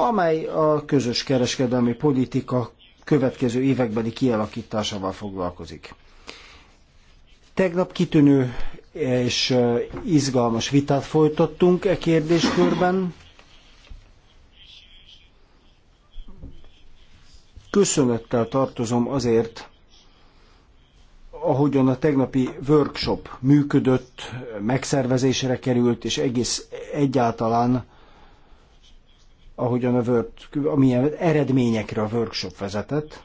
amely a közös kereskedelmi politika következő évekbeli kialakításával foglalkozik. Tegnap kitűnő és izgalmas vitát folytattunk e kérdéskörben. Köszönettel tartozom azért, ahogyan a tegnapi workshop működött, megszervezésre került, és egész egyáltalán ahogyan a work, amilyen eredményekre a workshop vezetett,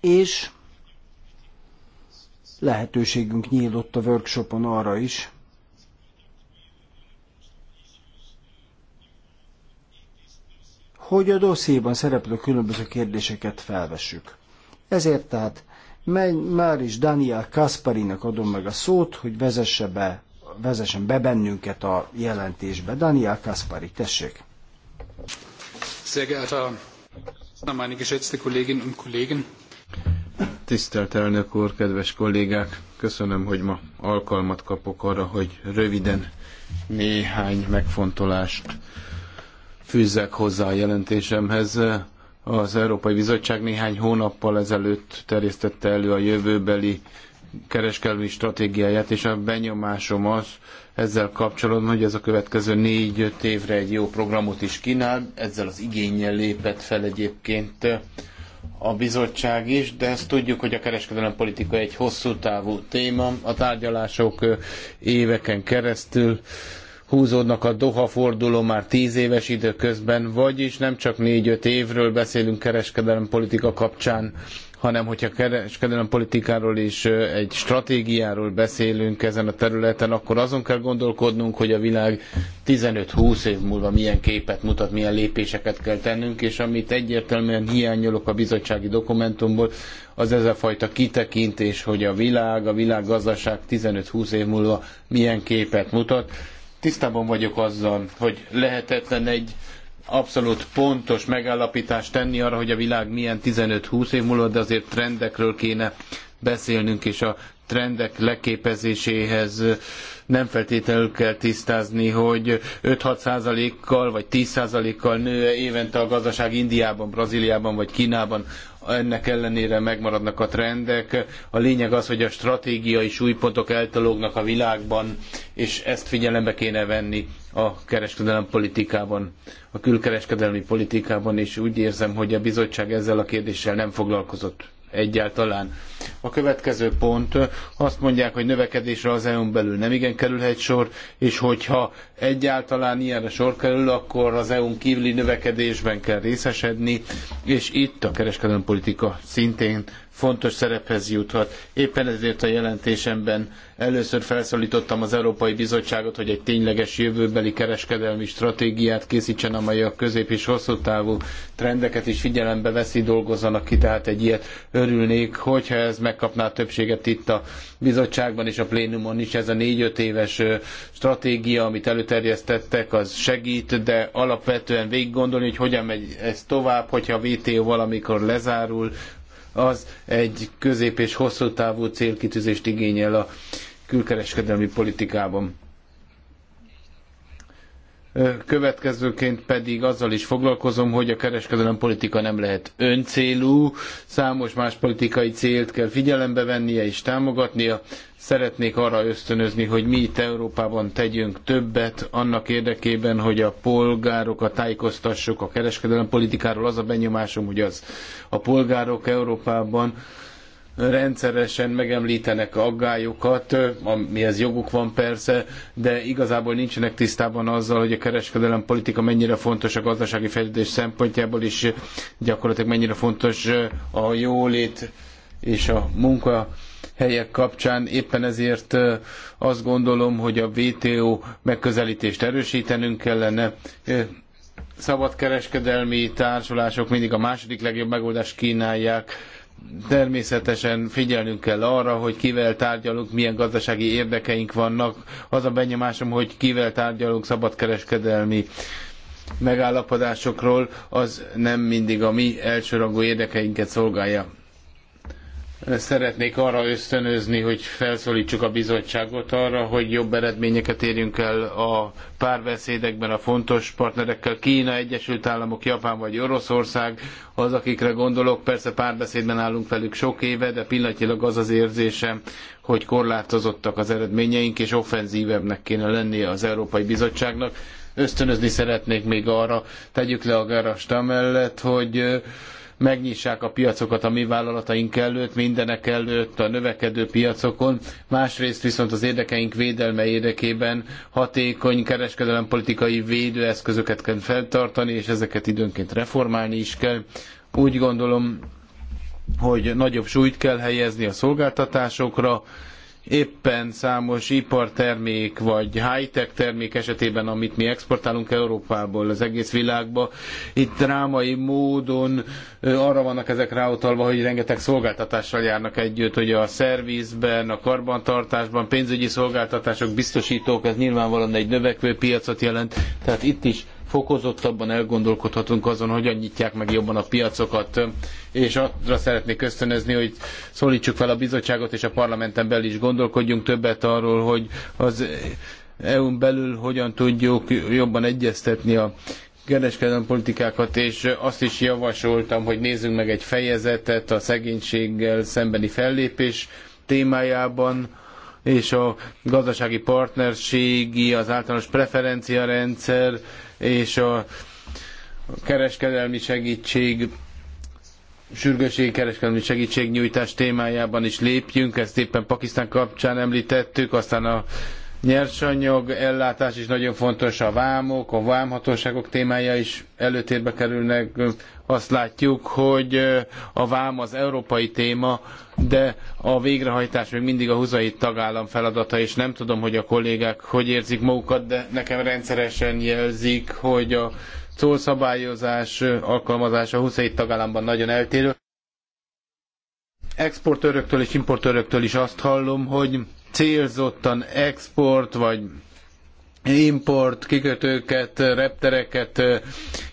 és lehetőségünk nyílott a workshopon arra is, hogy a dossziéban szereplő különböző kérdéseket felvessük. Ezért tehát már is Daniel Kasparinak adom meg a szót, hogy vezesse be, vezessen be bennünket a jelentésbe. Daniel Kaspari, tessék! Sehr geehrter meine geschätzte Kolleginnen und Kollegen! Tisztelt elnök úr, kedves kollégák! Köszönöm, hogy ma alkalmat kapok arra, hogy röviden néhány megfontolást fűzzek hozzá a jelentésemhez. Az Európai Bizottság néhány hónappal ezelőtt terjesztette elő a jövőbeli kereskedelmi stratégiáját, és a benyomásom az ezzel kapcsolatban, hogy ez a következő négy-öt évre egy jó programot is kínál, ezzel az igényel lépett fel egyébként a bizottság is, de ezt tudjuk, hogy a kereskedelmi politika egy hosszú távú téma, a tárgyalások éveken keresztül húzódnak a Doha forduló már tíz éves időközben, vagyis nem csak négy-öt évről beszélünk kereskedelmi politika kapcsán, hanem hogyha kereskedelem politikáról is egy stratégiáról beszélünk ezen a területen, akkor azon kell gondolkodnunk, hogy a világ 15-20 év múlva milyen képet mutat, milyen lépéseket kell tennünk, és amit egyértelműen hiányolok a bizottsági dokumentumból, az ez a fajta kitekintés, hogy a világ, a világgazdaság 15-20 év múlva milyen képet mutat. Tisztában vagyok azzal, hogy lehetetlen egy abszolút pontos megállapítást tenni arra, hogy a világ milyen 15-20 év múlva, de azért trendekről kéne beszélnünk, és a trendek leképezéséhez nem feltétlenül kell tisztázni, hogy 5-6 százalékkal vagy 10 százalékkal nő évente a gazdaság Indiában, Brazíliában vagy Kínában. Ennek ellenére megmaradnak a trendek. A lényeg az, hogy a stratégiai súlypontok eltológnak a világban, és ezt figyelembe kéne venni a kereskedelem politikában, a külkereskedelmi politikában, és úgy érzem, hogy a bizottság ezzel a kérdéssel nem foglalkozott egyáltalán. A következő pont, azt mondják, hogy növekedésre az EU-n belül nem igen kerülhet sor, és hogyha egyáltalán ilyenre sor kerül, akkor az EU-n kívüli növekedésben kell részesedni, és itt a kereskedelmi politika szintén fontos szerephez juthat. Éppen ezért a jelentésemben először felszólítottam az Európai Bizottságot, hogy egy tényleges jövőbeli kereskedelmi stratégiát készítsen, amely a közép és hosszú távú trendeket is figyelembe veszi, dolgozzanak ki, tehát egy ilyet örülnék, hogyha ez megkapná a többséget itt a bizottságban és a plénumon is. Ez a négy-öt éves stratégia, amit előterjesztettek, az segít, de alapvetően végiggondolni, hogy hogyan megy ez tovább, hogyha a WTO valamikor lezárul, az egy közép és hosszú távú célkitűzést igényel a külkereskedelmi politikában. Következőként pedig azzal is foglalkozom, hogy a kereskedelem politika nem lehet öncélú, számos más politikai célt kell figyelembe vennie és támogatnia. Szeretnék arra ösztönözni, hogy mi itt Európában tegyünk többet annak érdekében, hogy a polgárokat tájékoztassuk a kereskedelem politikáról. Az a benyomásom, hogy az a polgárok Európában rendszeresen megemlítenek aggályokat, amihez joguk van persze, de igazából nincsenek tisztában azzal, hogy a kereskedelem politika mennyire fontos a gazdasági fejlődés szempontjából, és gyakorlatilag mennyire fontos a jólét és a munka helyek kapcsán. Éppen ezért azt gondolom, hogy a WTO megközelítést erősítenünk kellene. Szabadkereskedelmi társulások mindig a második legjobb megoldást kínálják természetesen figyelnünk kell arra, hogy kivel tárgyalunk, milyen gazdasági érdekeink vannak. Az a benyomásom, hogy kivel tárgyalunk szabadkereskedelmi megállapodásokról, az nem mindig a mi elsőrangú érdekeinket szolgálja. Szeretnék arra ösztönözni, hogy felszólítsuk a bizottságot arra, hogy jobb eredményeket érjünk el a párbeszédekben a fontos partnerekkel. Kína, Egyesült Államok, Japán vagy Oroszország, az akikre gondolok. Persze párbeszédben állunk velük sok éve, de pillanatilag az az érzésem, hogy korlátozottak az eredményeink, és offenzívebbnek kéne lennie az Európai Bizottságnak. Ösztönözni szeretnék még arra, tegyük le a garast amellett, hogy megnyissák a piacokat a mi vállalataink előtt, mindenek előtt, a növekedő piacokon, másrészt viszont az érdekeink védelme érdekében hatékony kereskedelempolitikai védőeszközöket kell feltartani, és ezeket időnként reformálni is kell. Úgy gondolom, hogy nagyobb súlyt kell helyezni a szolgáltatásokra, éppen számos ipartermék vagy high-tech termék esetében, amit mi exportálunk Európából az egész világba, itt drámai módon arra vannak ezek ráutalva, hogy rengeteg szolgáltatással járnak együtt, hogy a szervizben, a karbantartásban, pénzügyi szolgáltatások, biztosítók, ez nyilvánvalóan egy növekvő piacot jelent, tehát itt is fokozottabban elgondolkodhatunk azon, hogyan nyitják meg jobban a piacokat, és arra szeretnék ösztönözni, hogy szólítsuk fel a bizottságot, és a parlamenten belül is gondolkodjunk többet arról, hogy az EU-n belül hogyan tudjuk jobban egyeztetni a kereskedelmi politikákat, és azt is javasoltam, hogy nézzünk meg egy fejezetet a szegénységgel szembeni fellépés témájában, és a gazdasági partnerségi, az általános preferenciarendszer és a kereskedelmi segítség sürgőségi kereskedelmi segítségnyújtás témájában is lépjünk, ezt éppen Pakisztán kapcsán említettük, aztán a nyersanyag ellátás is nagyon fontos, a vámok, a vámhatóságok témája is előtérbe kerülnek. Azt látjuk, hogy a vám az európai téma, de a végrehajtás még mindig a 27 tagállam feladata, és nem tudom, hogy a kollégák hogy érzik magukat, de nekem rendszeresen jelzik, hogy a szólszabályozás alkalmazása 27 tagállamban nagyon eltérő. Exportőröktől és importőröktől is azt hallom, hogy célzottan export vagy import kikötőket, reptereket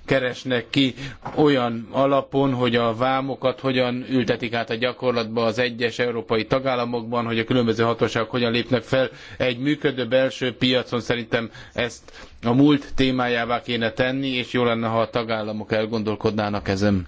keresnek ki olyan alapon, hogy a vámokat hogyan ültetik át a gyakorlatba az egyes európai tagállamokban, hogy a különböző hatóságok hogyan lépnek fel egy működő belső piacon. Szerintem ezt a múlt témájává kéne tenni, és jó lenne, ha a tagállamok elgondolkodnának ezen.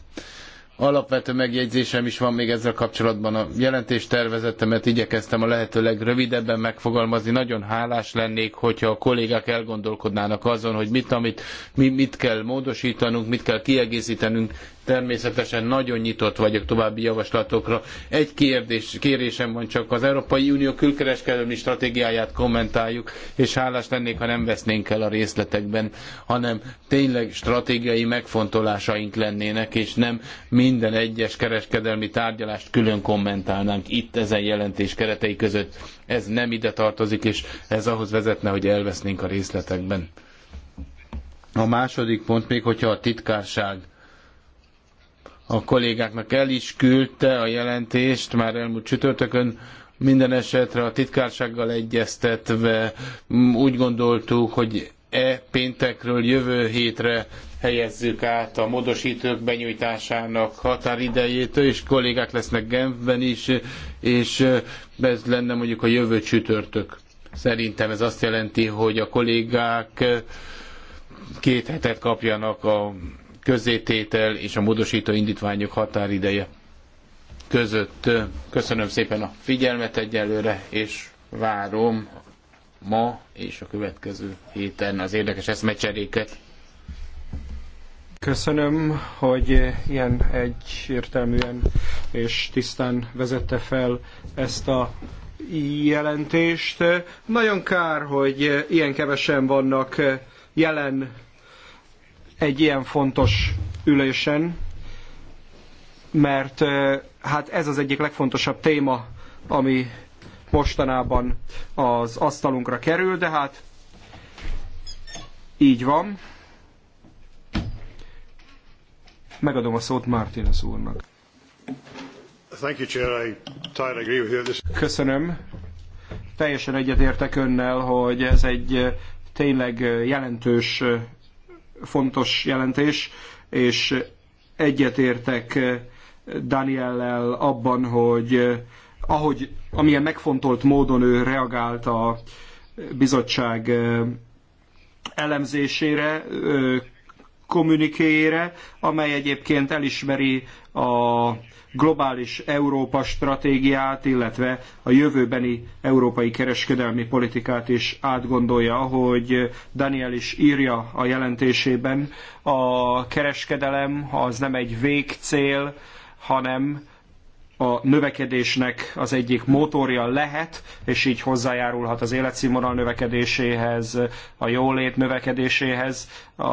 Alapvető megjegyzésem is van még ezzel kapcsolatban a jelentéstervezetemet, igyekeztem a lehető legrövidebben megfogalmazni. Nagyon hálás lennék, hogyha a kollégák elgondolkodnának azon, hogy mit, amit, mi, mit kell módosítanunk, mit kell kiegészítenünk. Természetesen nagyon nyitott vagyok további javaslatokra. Egy kérdés, kérésem van csak, az Európai Unió külkereskedelmi stratégiáját kommentáljuk, és hálás lennék, ha nem vesznénk el a részletekben, hanem tényleg stratégiai megfontolásaink lennének, és nem mind minden egyes kereskedelmi tárgyalást külön kommentálnánk itt ezen jelentés keretei között. Ez nem ide tartozik, és ez ahhoz vezetne, hogy elvesznénk a részletekben. A második pont még, hogyha a titkárság a kollégáknak el is küldte a jelentést már elmúlt csütörtökön, minden esetre a titkársággal egyeztetve úgy gondoltuk, hogy e péntekről jövő hétre helyezzük át a módosítók benyújtásának határidejét, és kollégák lesznek Genfben is, és ez lenne mondjuk a jövő csütörtök. Szerintem ez azt jelenti, hogy a kollégák két hetet kapjanak a közzététel és a módosító indítványok határideje között. Köszönöm szépen a figyelmet egyelőre, és várom ma és a következő héten az érdekes eszmecseréket. Köszönöm, hogy ilyen egyértelműen és tisztán vezette fel ezt a jelentést. Nagyon kár, hogy ilyen kevesen vannak jelen egy ilyen fontos ülésen, mert eh, hát ez az egyik legfontosabb téma, ami mostanában az asztalunkra kerül, de hát így van. Megadom a szót Martinez úrnak. Köszönöm. Teljesen egyetértek önnel, hogy ez egy eh, tényleg eh, jelentős, eh, fontos jelentés, és egyetértek Daniellel abban, hogy ahogy amilyen megfontolt módon ő reagált a bizottság elemzésére, kommunikéjére, amely egyébként elismeri a globális Európa stratégiát, illetve a jövőbeni európai kereskedelmi politikát is átgondolja, ahogy Daniel is írja a jelentésében. A kereskedelem az nem egy végcél, hanem a növekedésnek az egyik motorja lehet, és így hozzájárulhat az életszínvonal növekedéséhez, a jólét növekedéséhez, a,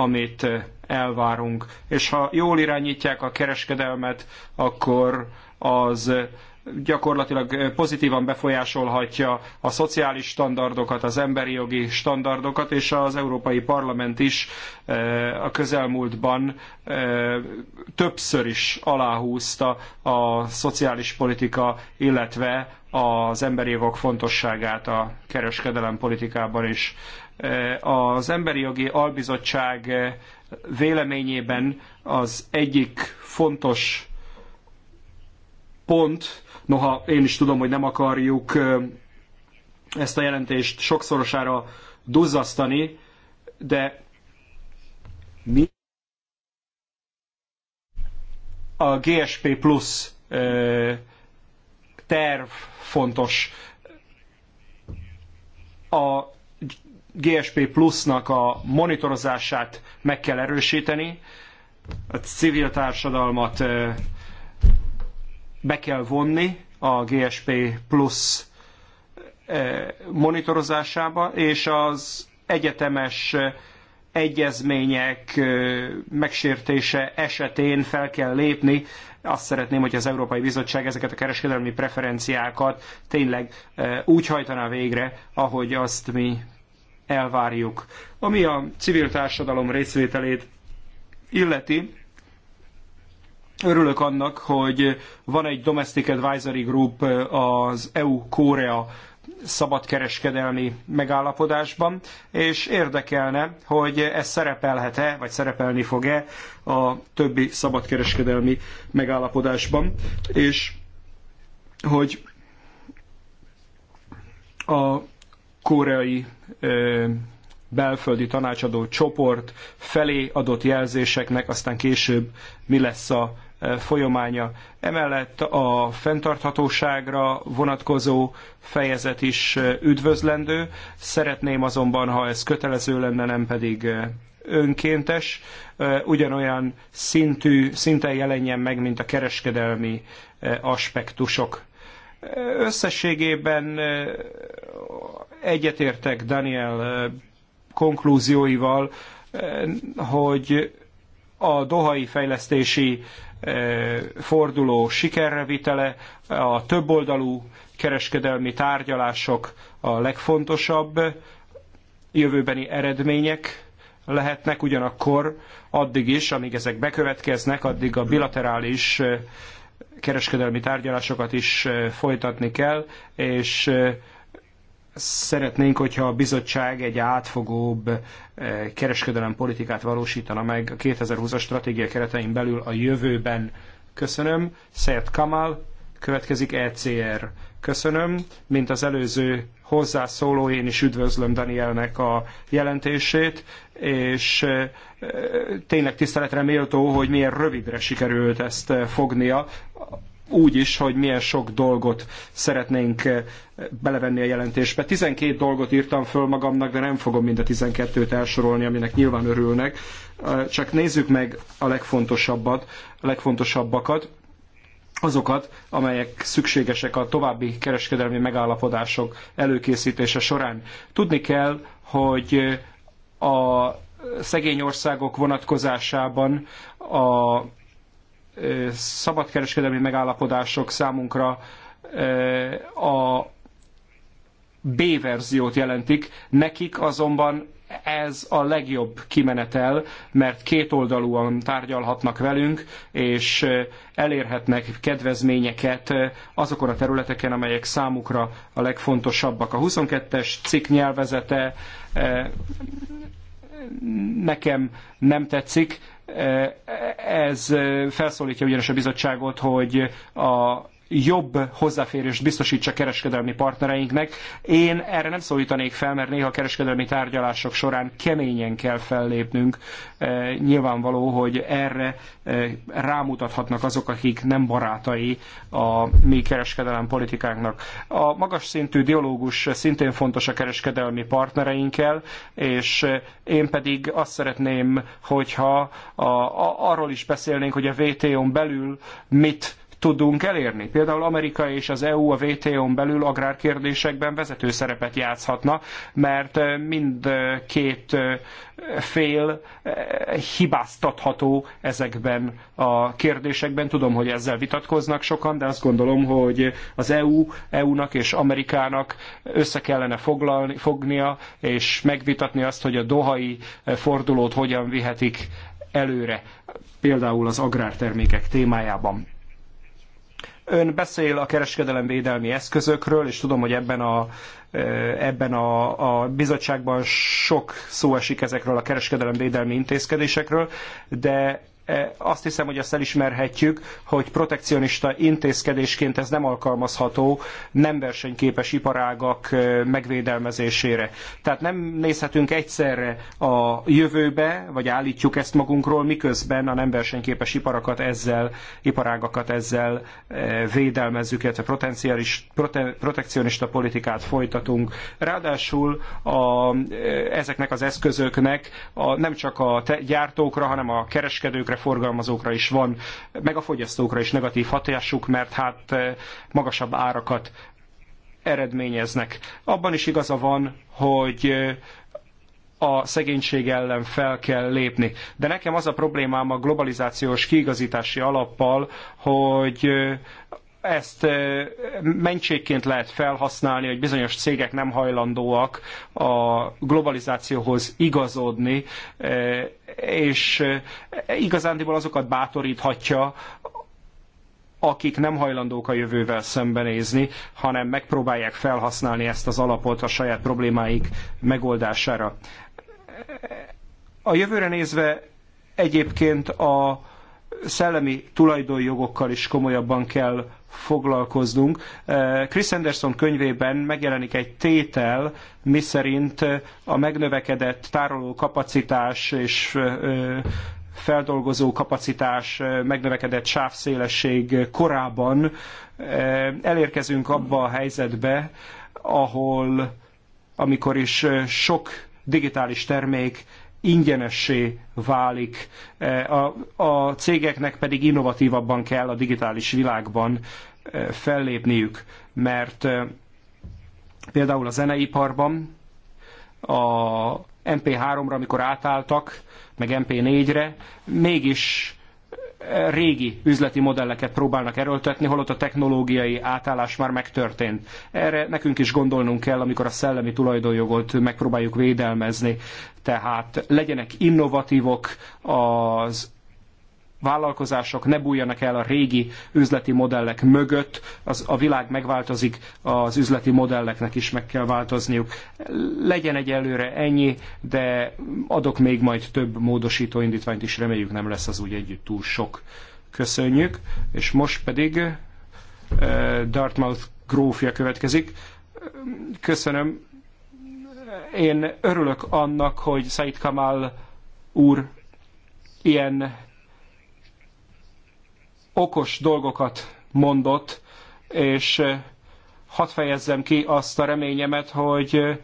amit elvárunk. És ha jól irányítják a kereskedelmet, akkor az gyakorlatilag pozitívan befolyásolhatja a szociális standardokat, az emberi jogi standardokat, és az Európai Parlament is a közelmúltban többször is aláhúzta a szociális politika, illetve az emberi jogok fontosságát a kereskedelem politikában is. Az Emberi Jogi Albizottság véleményében az egyik fontos pont, noha én is tudom, hogy nem akarjuk ezt a jelentést sokszorosára duzzasztani, de mi a GSP plusz terv fontos. A GSP plusznak a monitorozását meg kell erősíteni, a civil társadalmat be kell vonni a GSP Plus eh, monitorozásába, és az egyetemes eh, egyezmények eh, megsértése esetén fel kell lépni. Azt szeretném, hogy az Európai Bizottság ezeket a kereskedelmi preferenciákat tényleg úgy hajtaná végre, ahogy azt mi elvárjuk. Ami a civil társadalom részvételét illeti, Örülök annak, hogy van egy Domestic Advisory Group az EU-Korea szabadkereskedelmi megállapodásban, és érdekelne, hogy ez szerepelhet-e, vagy szerepelni fog-e a többi szabadkereskedelmi megállapodásban, és hogy a koreai belföldi tanácsadó csoport felé adott jelzéseknek aztán később mi lesz a folyamánya. Emellett a fenntarthatóságra vonatkozó fejezet is üdvözlendő. Szeretném azonban, ha ez kötelező lenne, nem pedig önkéntes, ugyanolyan szintű, szinten jelenjen meg, mint a kereskedelmi aspektusok. Összességében egyetértek Daniel konklúzióival, hogy a dohai fejlesztési forduló sikerre a többoldalú kereskedelmi tárgyalások a legfontosabb jövőbeni eredmények lehetnek, ugyanakkor addig is, amíg ezek bekövetkeznek, addig a bilaterális kereskedelmi tárgyalásokat is folytatni kell, és szeretnénk, hogyha a bizottság egy átfogóbb eh, kereskedelem politikát valósítana meg a 2020-as stratégia keretein belül a jövőben. Köszönöm. Szert Kamal, következik ECR. Köszönöm. Mint az előző hozzászóló, én is üdvözlöm Danielnek a jelentését, és eh, tényleg tiszteletre méltó, hogy milyen rövidre sikerült ezt eh, fognia úgy is, hogy milyen sok dolgot szeretnénk eh, belevenni a jelentésbe. 12 dolgot írtam föl magamnak, de nem fogom mind a 12-t elsorolni, aminek nyilván örülnek. Eh, csak nézzük meg a legfontosabbat, a legfontosabbakat azokat, amelyek szükségesek a további kereskedelmi megállapodások előkészítése során. Tudni kell, hogy a szegény országok vonatkozásában a szabadkereskedelmi megállapodások számunkra a B verziót jelentik, nekik azonban ez a legjobb kimenetel, mert kétoldalúan tárgyalhatnak velünk, és elérhetnek kedvezményeket azokon a területeken, amelyek számukra a legfontosabbak. A 22-es cikk nyelvezete nekem nem tetszik, ez eh, eh, felszólítja ugyanis a bizottságot, hogy a jobb hozzáférést biztosítsa kereskedelmi partnereinknek. Én erre nem szólítanék fel, mert néha a kereskedelmi tárgyalások során keményen kell fellépnünk. E, nyilvánvaló, hogy erre e, rámutathatnak azok, akik nem barátai a mi kereskedelem politikánknak. A magas szintű dialógus szintén fontos a kereskedelmi partnereinkkel, és én pedig azt szeretném, hogyha a, a, arról is beszélnénk, hogy a WTO-n belül mit tudunk elérni. Például Amerika és az EU a WTO-n belül agrárkérdésekben vezető szerepet játszhatna, mert mind két fél hibáztatható ezekben a kérdésekben. Tudom, hogy ezzel vitatkoznak sokan, de azt gondolom, hogy az EU, EU-nak és Amerikának össze kellene foglalni, fognia, és megvitatni azt, hogy a dohai fordulót hogyan vihetik előre, például az agrártermékek témájában. Ön beszél a kereskedelemvédelmi eszközökről, és tudom, hogy ebben a, ebben a, a bizottságban sok szó esik ezekről a kereskedelemvédelmi intézkedésekről, de E, azt hiszem, hogy azt elismerhetjük, hogy protekcionista intézkedésként ez nem alkalmazható nem versenyképes iparágak e, megvédelmezésére. Tehát nem nézhetünk egyszerre a jövőbe, vagy állítjuk ezt magunkról, miközben a nem versenyképes iparakat ezzel, iparágakat ezzel e, védelmezzük, illetve prote, protekcionista politikát folytatunk. Ráadásul a, ezeknek az eszközöknek a, nem csak a gyártókra, hanem a kereskedőkre, szereplőkre, forgalmazókra is van, meg a fogyasztókra is negatív hatásuk, mert hát eh, magasabb árakat eredményeznek. Abban is igaza van, hogy eh, a szegénység ellen fel kell lépni. De nekem az a problémám a globalizációs kiigazítási alappal, hogy eh, ezt mentségként lehet felhasználni, hogy bizonyos cégek nem hajlandóak a globalizációhoz igazodni, és igazándiból azokat bátoríthatja, akik nem hajlandók a jövővel szembenézni, hanem megpróbálják felhasználni ezt az alapot a saját problémáik megoldására. A jövőre nézve egyébként a szellemi tulajdonjogokkal is komolyabban kell foglalkoznunk. Eh, Chris Anderson könyvében megjelenik egy tétel, miszerint a megnövekedett tároló kapacitás és eh, feldolgozó kapacitás, eh, megnövekedett sávszélesség korában elérkezünk abba a helyzetbe, ahol amikor is sok digitális termék ingyenessé válik, e, a, a cégeknek pedig innovatívabban kell a digitális világban e, fellépniük, mert e, például a zeneiparban a MP3-ra, amikor átálltak, meg MP4-re, mégis régi üzleti modelleket próbálnak erőltetni, holott a technológiai átállás már megtörtént. Erre nekünk is gondolnunk kell, amikor a szellemi tulajdonjogot megpróbáljuk védelmezni. Tehát legyenek innovatívok az vállalkozások ne bújjanak el a régi üzleti modellek mögött, az, a világ megváltozik, az üzleti modelleknek is meg kell változniuk. Legyen egy előre ennyi, de adok még majd több módosító indítványt is, reméljük nem lesz az úgy együtt túl sok. Köszönjük, és most pedig uh, Dartmouth grófja következik. Köszönöm. Én örülök annak, hogy Said Kamal úr ilyen okos dolgokat mondott, és eh, hadd fejezzem ki azt a reményemet, hogy eh,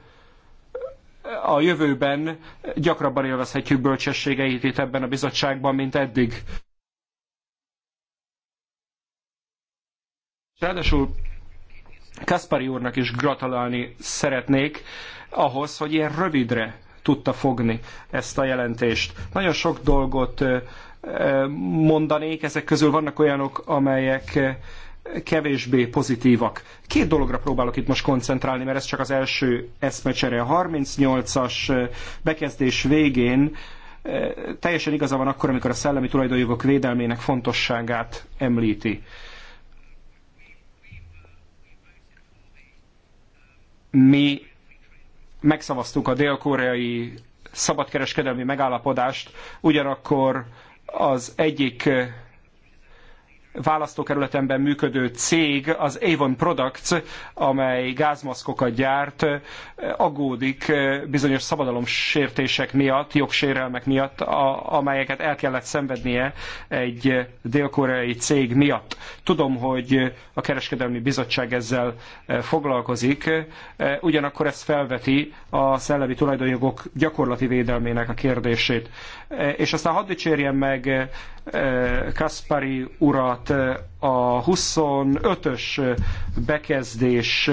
a jövőben gyakrabban élvezhetjük bölcsességeit itt ebben a bizottságban, mint eddig. Ráadásul Kaspari úrnak is gratulálni szeretnék ahhoz, hogy ilyen rövidre tudta fogni ezt a jelentést. Nagyon sok dolgot eh, mondanék, ezek közül vannak olyanok, amelyek kevésbé pozitívak. Két dologra próbálok itt most koncentrálni, mert ez csak az első eszmecsere. A 38-as bekezdés végén eh, teljesen igaza van akkor, amikor a szellemi tulajdonjogok védelmének fontosságát említi. Mi megszavaztuk a dél-koreai szabadkereskedelmi megállapodást, ugyanakkor az egyik választókerületemben működő cég, az Avon Products, amely gázmaszkokat gyárt, aggódik eh, bizonyos szabadalomsértések miatt, jogsérelmek miatt, a, amelyeket el kellett szenvednie egy dél-koreai cég miatt. Tudom, hogy a Kereskedelmi Bizottság ezzel eh, foglalkozik, eh, ugyanakkor ez felveti a szellemi tulajdonjogok gyakorlati védelmének a kérdését. És aztán hadd dicsérjem meg Kaspari urat a 25-ös bekezdés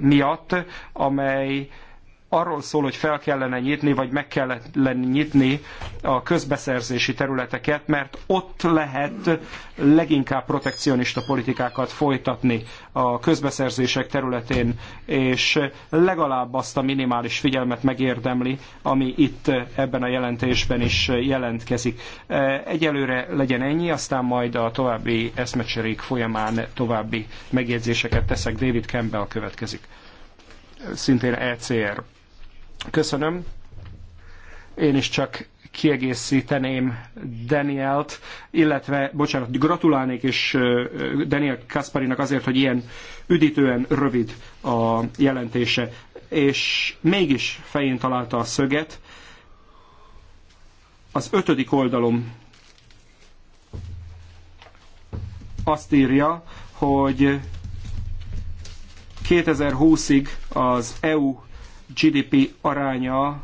miatt, amely arról szól, hogy fel kellene nyitni, vagy meg kellene nyitni a közbeszerzési területeket, mert ott lehet leginkább protekcionista politikákat folytatni a közbeszerzések területén, és legalább azt a minimális figyelmet megérdemli, ami itt ebben a jelentésben is jelentkezik. Egyelőre legyen ennyi, aztán majd a további eszmecserék folyamán további megjegyzéseket teszek. David Campbell következik szintén ECR Köszönöm. Én is csak kiegészíteném Danielt, illetve, bocsánat, gratulálnék is Daniel Kasparinak azért, hogy ilyen üdítően rövid a jelentése, és mégis fején találta a szöget. Az ötödik oldalom azt írja, hogy 2020-ig az EU GDP aránya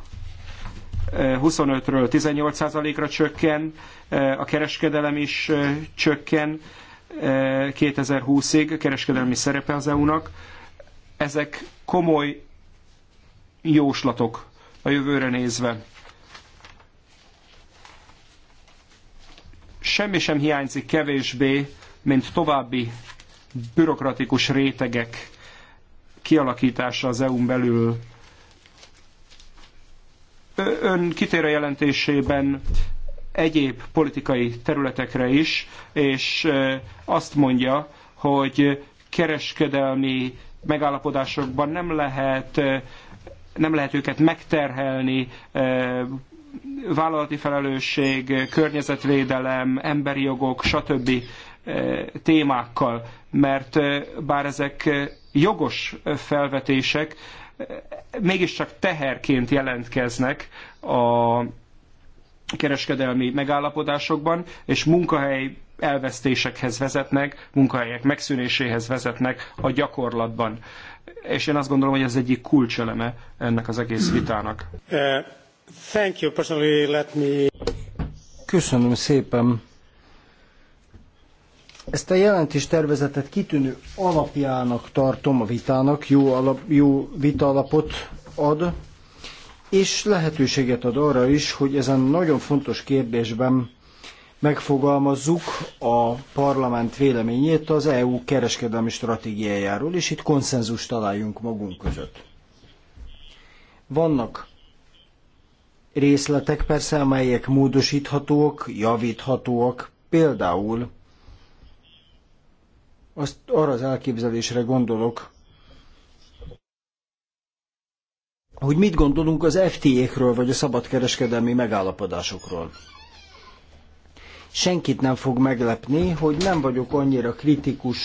25-ről eh, 18%-ra csökken, eh, a kereskedelem is eh, csökken 2020-ig, a kereskedelmi szerepe az EU-nak. Ezek komoly jóslatok a jövőre nézve. Semmi sem hiányzik kevésbé, mint további bürokratikus rétegek kialakítása az EU-n belül ön kitér a jelentésében egyéb politikai területekre is, és azt mondja, hogy kereskedelmi megállapodásokban nem lehet, nem lehet őket megterhelni vállalati felelősség, környezetvédelem, emberi jogok, stb. témákkal, mert bár ezek jogos felvetések, mégiscsak teherként jelentkeznek a kereskedelmi megállapodásokban, és munkahely elvesztésekhez vezetnek, munkahelyek megszűnéséhez vezetnek a gyakorlatban. És én azt gondolom, hogy ez egyik kulcseleme ennek az egész vitának. Uh, thank you. Personally, let me... Köszönöm szépen. Ezt a jelentés tervezetet kitűnő alapjának tartom a vitának, jó, alap, jó vita alapot ad, és lehetőséget ad arra is, hogy ezen nagyon fontos kérdésben megfogalmazzuk a parlament véleményét az EU kereskedelmi stratégiájáról, és itt konszenzus találjunk magunk között. Vannak részletek persze, amelyek módosíthatóak, javíthatóak, például azt arra az elképzelésre gondolok, hogy mit gondolunk az FTA-kről, vagy a szabadkereskedelmi megállapodásokról. Senkit nem fog meglepni, hogy nem vagyok annyira kritikus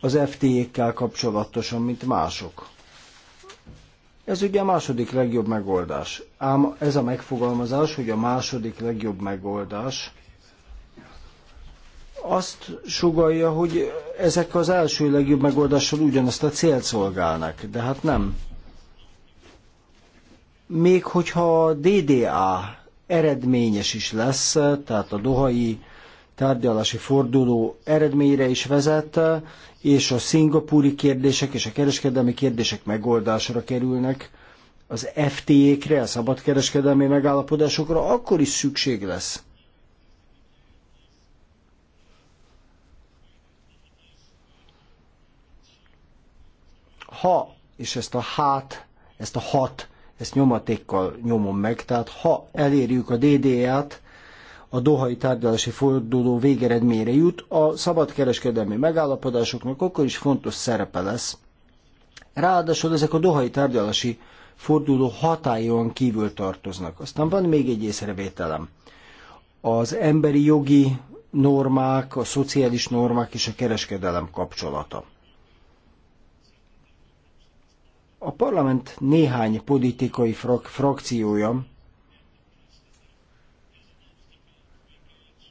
az FTA-kkel kapcsolatosan, mint mások. Ez ugye a második legjobb megoldás. Ám ez a megfogalmazás, hogy a második legjobb megoldás, azt sugalja, hogy ezek az első legjobb megoldással ugyanazt a célt szolgálnak, de hát nem. Még hogyha a DDA eredményes is lesz, tehát a dohai tárgyalási forduló eredményre is vezet, és a szingapúri kérdések és a kereskedelmi kérdések megoldásra kerülnek, az FTA-kre, a szabadkereskedelmi megállapodásokra akkor is szükség lesz ha, és ezt a hát, ezt a hat, ezt nyomatékkal nyomom meg, tehát ha elérjük a DDA-t, a dohai tárgyalási forduló végeredményre jut, a szabadkereskedelmi megállapodásoknak akkor is fontos szerepe lesz. Ráadásul ezek a dohai tárgyalási forduló hatályon kívül tartoznak. Aztán van még egy észrevételem. Az emberi jogi normák, a szociális normák és a kereskedelem kapcsolata. A parlament néhány politikai frak- frakciója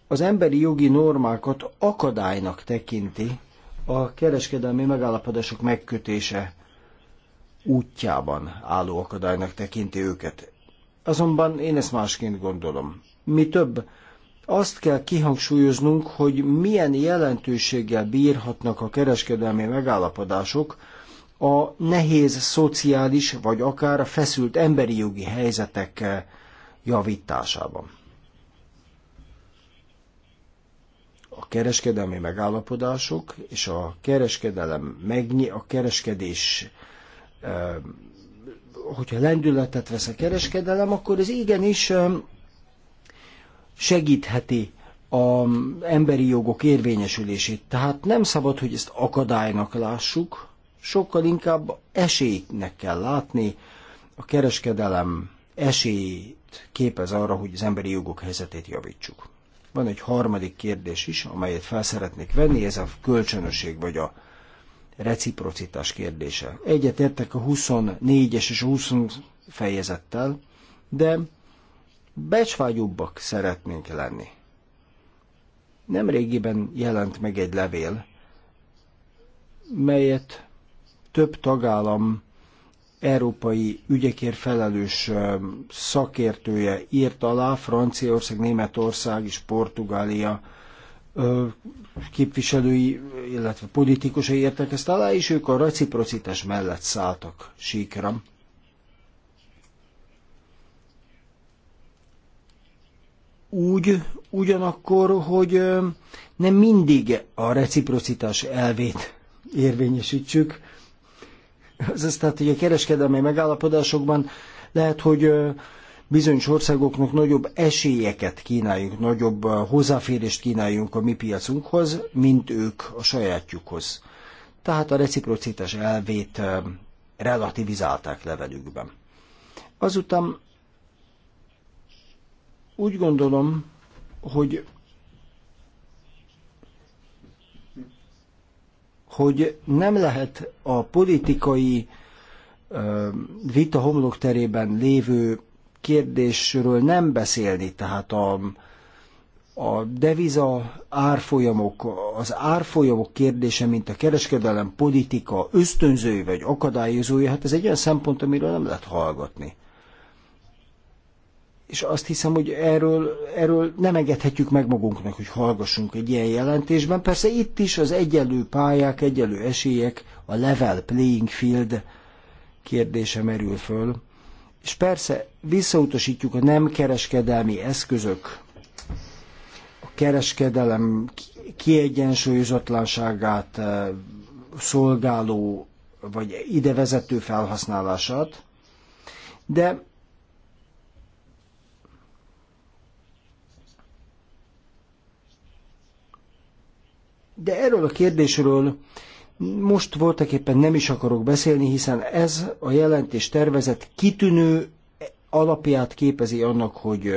az emberi jogi normákat akadálynak tekinti a kereskedelmi megállapodások megkötése útjában álló akadálynak tekinti őket. Azonban én ezt másként gondolom. Mi több, azt kell kihangsúlyoznunk, hogy milyen jelentőséggel bírhatnak a kereskedelmi megállapodások a nehéz szociális vagy akár a feszült emberi jogi helyzetek eh, javításában. A kereskedelmi megállapodások és a kereskedelem megnyi, a kereskedés eh, hogyha lendületet vesz a kereskedelem, akkor ez igenis eh, segítheti az emberi jogok érvényesülését. Tehát nem szabad, hogy ezt akadálynak lássuk, sokkal inkább esélynek kell látni. A kereskedelem esélyt képez arra, hogy az emberi jogok helyzetét javítsuk. Van egy harmadik kérdés is, amelyet fel szeretnék venni, ez a kölcsönösség vagy a reciprocitás kérdése. Egyetértek a 24-es és a 20 fejezettel, de becsvágyúbbak szeretnénk lenni. Nemrégiben jelent meg egy levél, melyet több tagállam európai ügyekért felelős szakértője írt alá, Franciaország, Németország és Portugália képviselői, illetve politikusai értek ezt alá, és ők a reciprocitás mellett szálltak síkra. Úgy, ugyanakkor, hogy nem mindig a reciprocitás elvét érvényesítsük, ez az, tehát hogy a kereskedelmi megállapodásokban lehet, hogy bizonyos országoknak nagyobb esélyeket kínáljunk, nagyobb hozzáférést kínáljunk a mi piacunkhoz, mint ők a sajátjukhoz. Tehát a reciprocitás elvét relativizálták levelükben. Azután úgy gondolom, hogy hogy nem lehet a politikai vita homlokterében lévő kérdésről nem beszélni, tehát a, a deviza árfolyamok, az árfolyamok kérdése, mint a kereskedelem politika ösztönzői vagy akadályozója, hát ez egy olyan szempont, amiről nem lehet hallgatni és azt hiszem, hogy erről, erről nem engedhetjük meg magunknak, hogy hallgassunk egy ilyen jelentésben. Persze itt is az egyenlő pályák, egyenlő esélyek, a level playing field kérdése merül föl. És persze visszautasítjuk a nem kereskedelmi eszközök, a kereskedelem kiegyensúlyozatlanságát eh, szolgáló vagy idevezető felhasználását, de De erről a kérdésről most voltak éppen nem is akarok beszélni, hiszen ez a jelentés tervezet kitűnő alapját képezi annak, hogy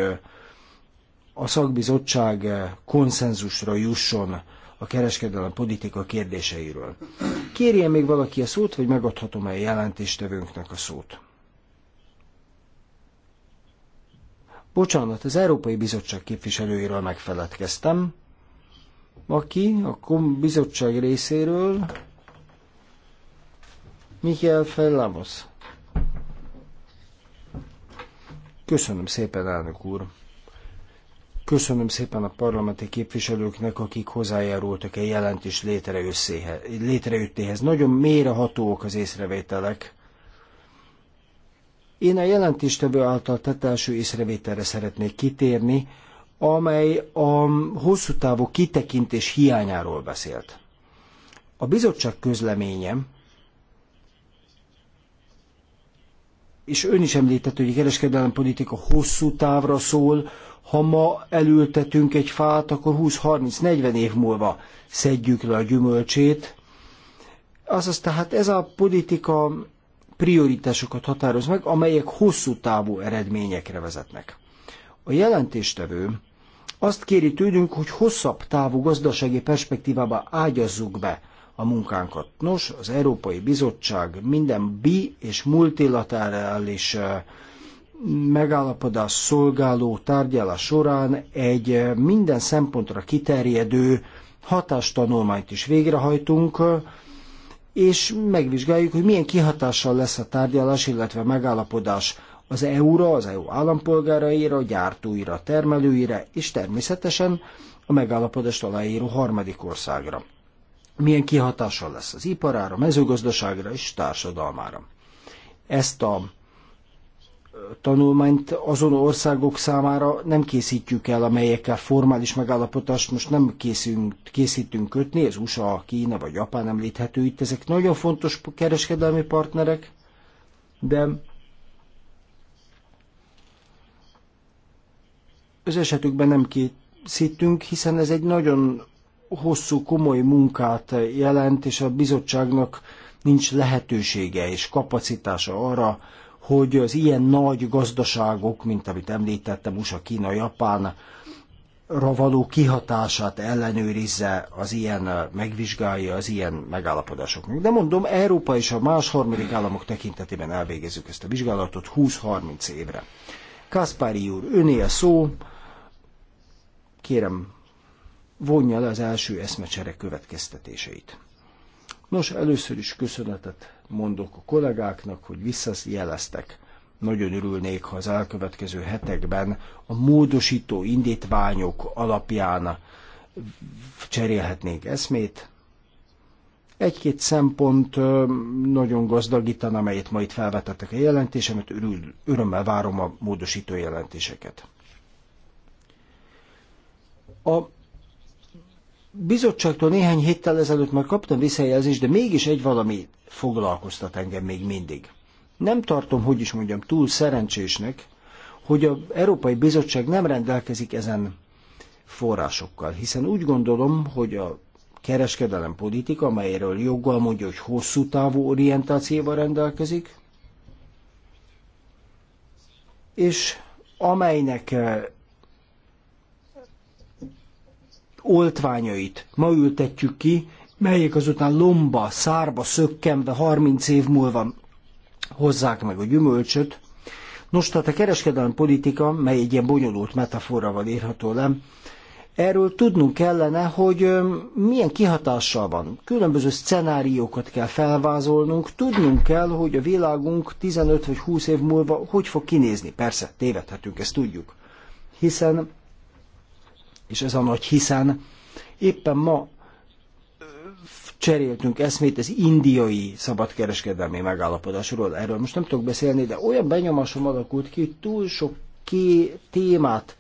a szakbizottság konszenzusra jusson a kereskedelem politika kérdéseiről. Kérjen még valaki a szót, vagy megadhatom-e a jelentéstevőnknek a szót? Bocsánat, az Európai Bizottság képviselőiről megfeledkeztem aki a bizottság részéről Michael Fellamos. Köszönöm szépen, elnök úr! Köszönöm szépen a parlamenti képviselőknek, akik hozzájárultak egy jelentés létrejöttéhez. Nagyon hatóak az észrevételek. Én a jelentéstevő által tett első észrevételre szeretnék kitérni, amely a hosszú távú kitekintés hiányáról beszélt. A bizottság közleménye, és ön is említett, hogy a kereskedelmi politika hosszú távra szól, ha ma elültetünk egy fát, akkor 20-30-40 év múlva szedjük le a gyümölcsét. Azaz tehát ez a politika prioritásokat határoz meg, amelyek hosszú távú eredményekre vezetnek. A jelentéstevő azt kéri tőlünk, hogy hosszabb távú gazdasági perspektívába ágyazzuk be a munkánkat. Nos, az Európai Bizottság minden bi- és multilaterális megállapodás szolgáló tárgyalás során egy minden szempontra kiterjedő hatástanulmányt is végrehajtunk, és megvizsgáljuk, hogy milyen kihatással lesz a tárgyalás, illetve megállapodás az EU-ra, az EU állampolgáraira, gyártóira, termelőire, és természetesen a megállapodást aláíró harmadik országra. Milyen kihatással lesz az iparára, mezőgazdaságra és társadalmára. Ezt a tanulmányt azon országok számára nem készítjük el, amelyekkel formális megállapodást most nem készünk, készítünk kötni, az USA, Kína vagy Japán említhető itt, ezek nagyon fontos kereskedelmi partnerek, de az esetükben nem készítünk, hiszen ez egy nagyon hosszú, komoly munkát jelent, és a bizottságnak nincs lehetősége és kapacitása arra, hogy az ilyen nagy gazdaságok, mint amit említettem, USA, Kína, Japán, való kihatását ellenőrizze az ilyen, megvizsgálja az ilyen megállapodásoknak. De mondom, Európa és a más harmadik államok tekintetében elvégezzük ezt a vizsgálatot 20-30 évre. Kaspari úr, öné a szó, kérem, vonja le az első eszmecsere következtetéseit. Nos, először is köszönetet mondok a kollégáknak, hogy visszajeleztek. Nagyon örülnék, ha az elkövetkező hetekben a módosító indítványok alapján cserélhetnénk eszmét. Egy-két szempont nagyon gazdagítan, amelyet ma itt felvetettek a jelentésemet, örül, örömmel várom a módosító jelentéseket. A bizottságtól néhány héttel ezelőtt már kaptam visszajelzést, de mégis egy valami foglalkoztat engem még mindig. Nem tartom, hogy is mondjam, túl szerencsésnek, hogy az Európai Bizottság nem rendelkezik ezen forrásokkal, hiszen úgy gondolom, hogy a kereskedelem politika, amelyről joggal mondja, hogy hosszú távú orientációval rendelkezik, és amelynek eh, oltványait ma ültetjük ki, melyek azután lomba, szárba szökkenve 30 év múlva hozzák meg a gyümölcsöt. Nos, tehát a kereskedelmi politika, mely egy ilyen bonyolult metaforával írható le, erről tudnunk kellene, hogy milyen kihatással van. Különböző szenáriókat kell felvázolnunk, tudnunk kell, hogy a világunk 15 vagy 20 év múlva hogy fog kinézni. Persze, tévedhetünk, ezt tudjuk. Hiszen és ez a nagy hiszen. Éppen ma cseréltünk eszmét az indiai szabadkereskedelmi megállapodásról. Erről most nem tudok beszélni, de olyan benyomásom alakult ki, hogy túl sok ké témát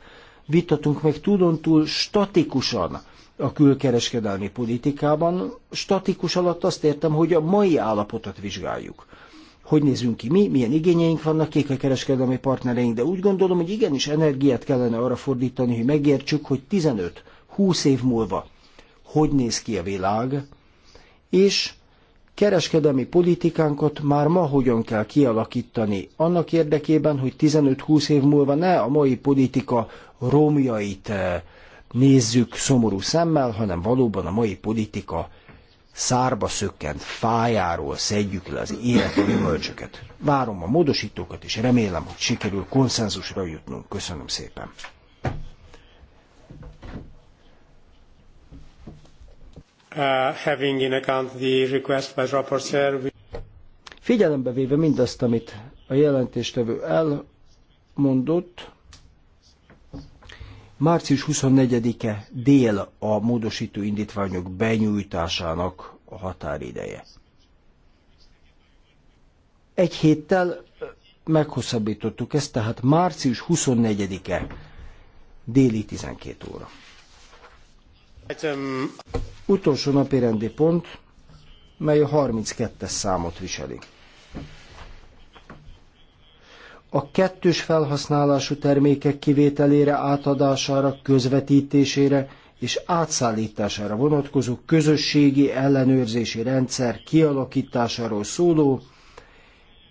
vitatunk meg tudon túl statikusan a külkereskedelmi politikában. Statikus alatt azt értem, hogy a mai állapotot vizsgáljuk hogy nézünk ki mi, milyen igényeink vannak, kik a kereskedelmi partnereink, de úgy gondolom, hogy igenis energiát kellene arra fordítani, hogy megértsük, hogy 15-20 év múlva hogy néz ki a világ, és kereskedelmi politikánkat már ma hogyan kell kialakítani, annak érdekében, hogy 15-20 év múlva ne a mai politika romjait eh, nézzük szomorú szemmel, hanem valóban a mai politika szárba szökkent fájáról szedjük le az életlen gyümölcsöket. Várom a módosítókat, és remélem, hogy sikerül konszenzusra jutnunk. Köszönöm szépen. Uh, having in account the request by rapporteur, we... Figyelembe véve mindazt, amit a jelentéstevő elmondott, Március 24-e dél a módosító indítványok benyújtásának a határideje. Egy héttel meghosszabbítottuk ezt, tehát március 24-e déli 12 óra. Utolsó napi rendi pont, mely a 32-es számot viseli a kettős felhasználású termékek kivételére, átadására, közvetítésére és átszállítására vonatkozó közösségi ellenőrzési rendszer kialakításáról szóló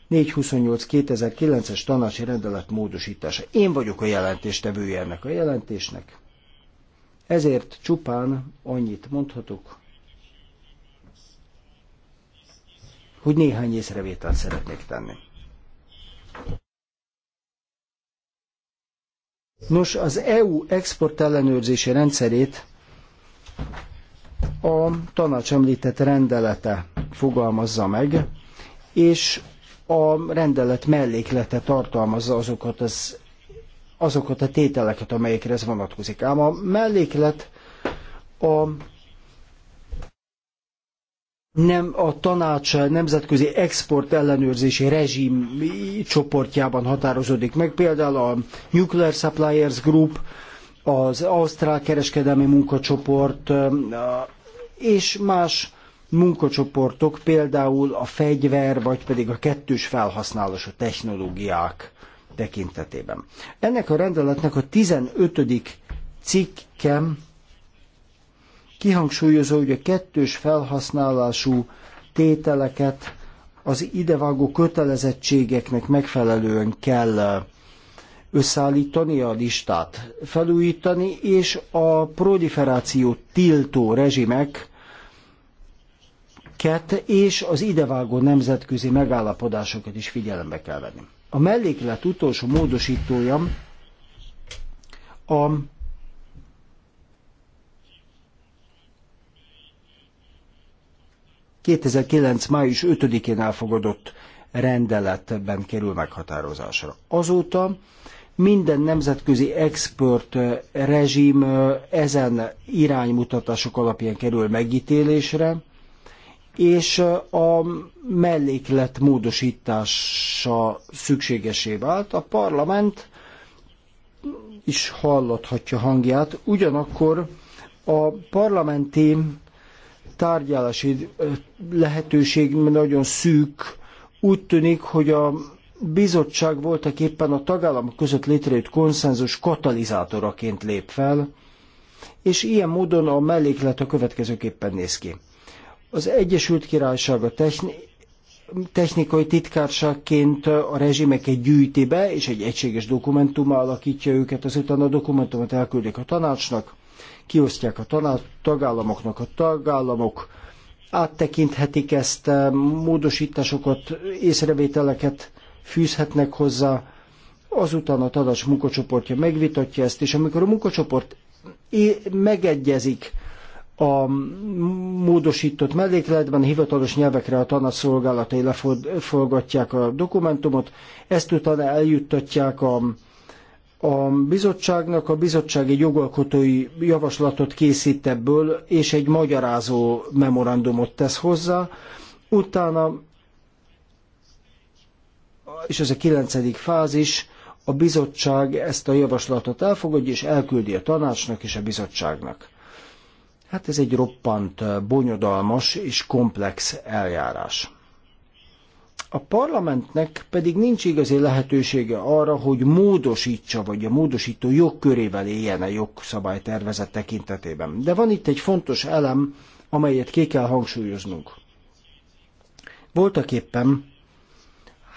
428-2009-es tanácsi rendelet módosítása. Én vagyok a jelentéstevője ennek a jelentésnek. Ezért csupán annyit mondhatok, hogy néhány észrevételt szeretnék tenni. Nos, az EU export ellenőrzési rendszerét a tanács említett rendelete fogalmazza meg, és a rendelet melléklete tartalmazza azokat, az, azokat a tételeket, amelyekre ez vonatkozik. Ám a melléklet a nem a tanács nemzetközi export ellenőrzési rezsim csoportjában határozódik meg. Például a Nuclear Suppliers Group, az Ausztrál Kereskedelmi Munkacsoport eh, és más munkacsoportok, például a fegyver, vagy pedig a kettős felhasználású technológiák tekintetében. Ennek a rendeletnek a 15. cikkem Kihangsúlyozó, hogy a kettős felhasználású tételeket az idevágó kötelezettségeknek megfelelően kell összeállítani a listát, felújítani, és a proliferáció tiltó rezsimek, kett és az idevágó nemzetközi megállapodásokat is figyelembe kell venni. A melléklet utolsó módosítója a 2009. május 5-én elfogadott rendeletben kerül meghatározásra. Azóta minden nemzetközi export eh, rezsim eh, ezen iránymutatások alapján kerül megítélésre, és eh, a melléklet módosítása szükségesé vált. A parlament is hallathatja hangját, ugyanakkor a parlamenti tárgyalási lehetőség nagyon szűk. Úgy tűnik, hogy a bizottság voltak éppen a tagállamok között létrejött konszenzus katalizátoraként lép fel, és ilyen módon a melléklet a következőképpen néz ki. Az Egyesült Királyság a technikai titkárságként a rezsimeket gyűjti be, és egy egységes dokumentum alakítja őket, azután a dokumentumot elküldik a tanácsnak, kiosztják a tagállamoknak a tagállamok, áttekinthetik ezt, e, módosításokat, észrevételeket fűzhetnek hozzá, azután a tadas munkacsoportja megvitatja ezt, és amikor a munkacsoport megegyezik a módosított mellékletben hivatalos nyelvekre a tanács szolgálatai leforgatják a dokumentumot, ezt utána eljuttatják a a bizottságnak a bizottsági jogalkotói javaslatot készít ebből, és egy magyarázó memorandumot tesz hozzá, utána, és ez a kilencedik fázis, a bizottság ezt a javaslatot elfogadja, és elküldi a tanácsnak és a bizottságnak. Hát ez egy roppant bonyodalmas és komplex eljárás. A parlamentnek pedig nincs igazi lehetősége arra, hogy módosítsa, vagy a módosító jogkörével éljen a jogszabálytervezet tekintetében. De van itt egy fontos elem, amelyet ki kell hangsúlyoznunk. Voltak éppen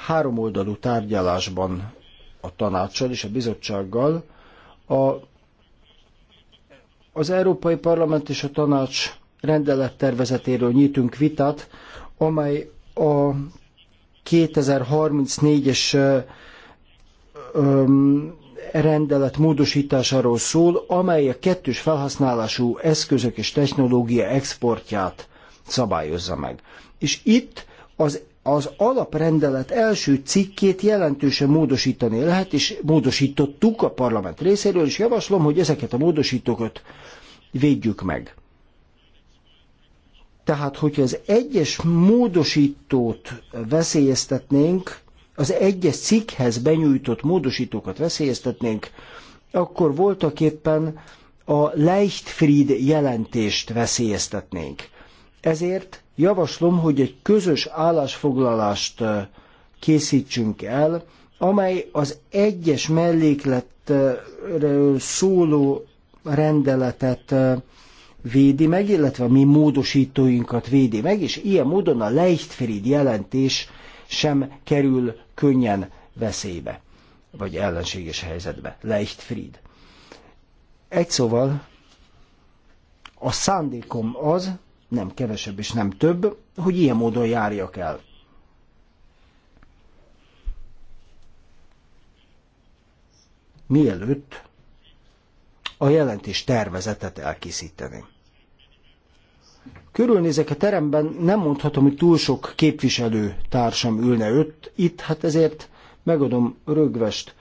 háromoldalú tárgyalásban a tanácssal és a bizottsággal a, az Európai Parlament és a tanács rendelettervezetéről nyitunk vitát, amely a 2034-es rendelet módosításáról szól, amely a kettős felhasználású eszközök és technológia exportját szabályozza meg. És itt az, az alaprendelet első cikkét jelentősen módosítani lehet, és módosítottuk a parlament részéről, és javaslom, hogy ezeket a módosítókat védjük meg. Tehát, hogyha az egyes módosítót veszélyeztetnénk, az egyes cikkhez benyújtott módosítókat veszélyeztetnénk, akkor voltak éppen a Leichtfried jelentést veszélyeztetnénk. Ezért javaslom, hogy egy közös állásfoglalást készítsünk el, amely az egyes melléklet szóló rendeletet védi meg, illetve a mi módosítóinkat védi meg, és ilyen módon a Leichtfried jelentés sem kerül könnyen veszélybe, vagy ellenséges helyzetbe. Leichtfried. Egy szóval a szándékom az, nem kevesebb és nem több, hogy ilyen módon járjak el. Mielőtt a jelentés tervezetet elkészíteni. Körülnézek a teremben, nem mondhatom, hogy túl sok képviselő társam ülne ott. itt, hát ezért megadom rögvest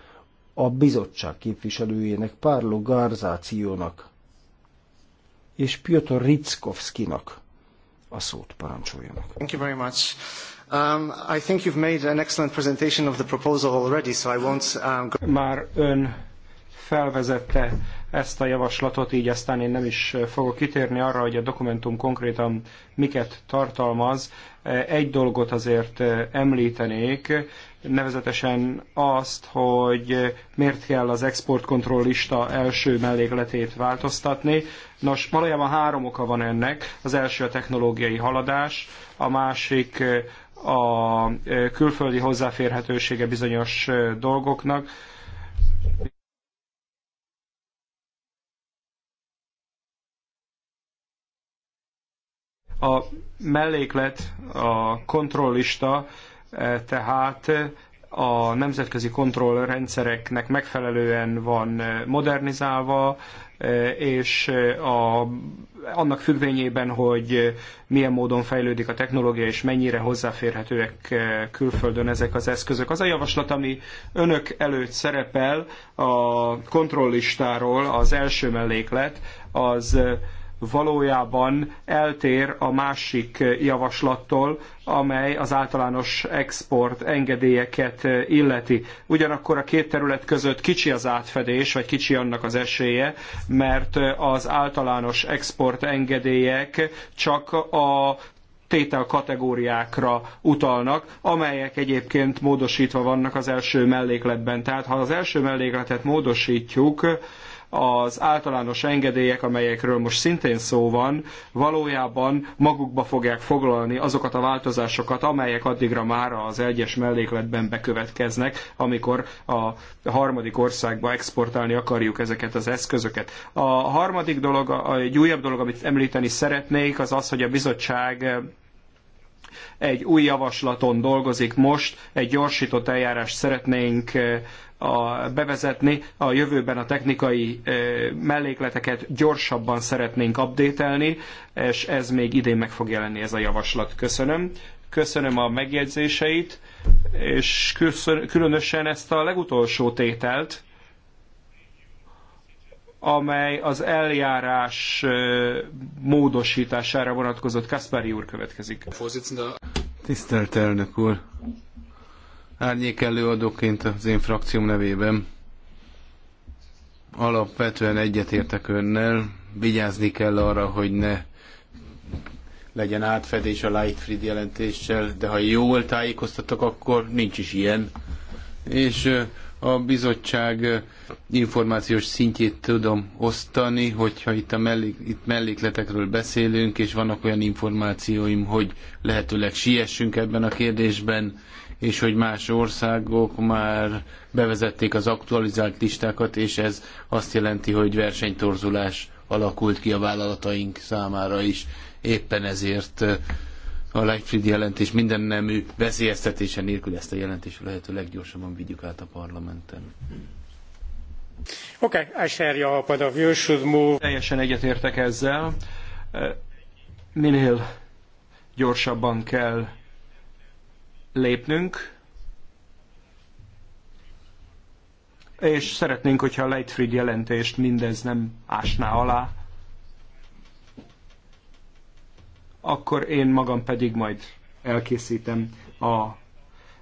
a bizottság képviselőjének, Párló Garzációnak és Piotr Ritzkovszkinak a szót parancsoljanak. Thank you very much. Um, I think you've made an excellent presentation of the proposal already, so I won't um, go... Már ön felvezette ezt a javaslatot, így aztán én nem is fogok kitérni arra, hogy a dokumentum konkrétan miket tartalmaz. Egy dolgot azért említenék, nevezetesen azt, hogy miért kell az exportkontrollista első mellékletét változtatni. Nos, valójában három oka van ennek. Az első a technológiai haladás, a másik a külföldi hozzáférhetősége bizonyos dolgoknak, A melléklet, a kontrollista e, tehát a nemzetközi kontrollrendszereknek megfelelően van e, modernizálva, e, és a, annak függvényében, hogy milyen módon fejlődik a technológia, és mennyire hozzáférhetőek külföldön ezek az eszközök. Az a javaslat, ami önök előtt szerepel a kontrollistáról, az első melléklet, az valójában eltér a másik javaslattól, amely az általános export engedélyeket illeti. Ugyanakkor a két terület között kicsi az átfedés, vagy kicsi annak az esélye, mert az általános export engedélyek csak a tétel kategóriákra utalnak, amelyek egyébként módosítva vannak az első mellékletben. Tehát ha az első mellékletet módosítjuk, az általános engedélyek, amelyekről most szintén szó van, valójában magukba fogják foglalni azokat a változásokat, amelyek addigra már az egyes mellékletben bekövetkeznek, amikor a harmadik országba exportálni akarjuk ezeket az eszközöket. A harmadik dolog, egy újabb dolog, amit említeni szeretnék, az az, hogy a bizottság egy új javaslaton dolgozik most, egy gyorsított eljárást szeretnénk a, bevezetni. A jövőben a technikai mellékleteket gyorsabban szeretnénk updatelni, és ez még idén meg fog jelenni ez a javaslat. Köszönöm. Köszönöm a megjegyzéseit, és különösen ezt a legutolsó tételt, amely az eljárás módosítására vonatkozott. Kaspari úr következik. Tisztelt elnök úr! árnyék előadóként az én frakcióm nevében. Alapvetően egyetértek önnel, vigyázni kell arra, hogy ne legyen átfedés a Lightfried jelentéssel, de ha jól tájékoztatok, akkor nincs is ilyen. És a bizottság információs szintjét tudom osztani, hogyha itt, a mellék, itt mellékletekről beszélünk, és vannak olyan információim, hogy lehetőleg siessünk ebben a kérdésben, és hogy más országok már bevezették az aktualizált listákat, és ez azt jelenti, hogy versenytorzulás alakult ki a vállalataink számára is. Éppen ezért a Lightfried jelentés minden nemű veszélyeztetése nélkül ezt a jelentést lehető leggyorsabban vigyük át a parlamenten. Okay, I share your point of view, should move. Teljesen egyetértek ezzel. Minél gyorsabban kell lépnünk, és szeretnénk, hogyha a Lightfried jelentést mindez nem ásná alá, akkor én magam pedig majd elkészítem a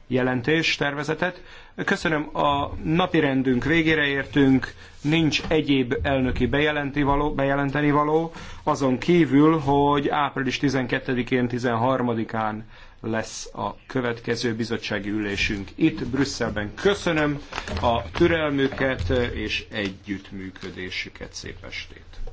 jelentés tervezetet. Köszönöm, a napi rendünk végére értünk, nincs egyéb elnöki bejelenti való, bejelenteni való, azon kívül, hogy április 12-én, 13-án lesz a következő bizottsági ülésünk itt Brüsszelben. Köszönöm a türelmüket és együttműködésüket. Szép estét!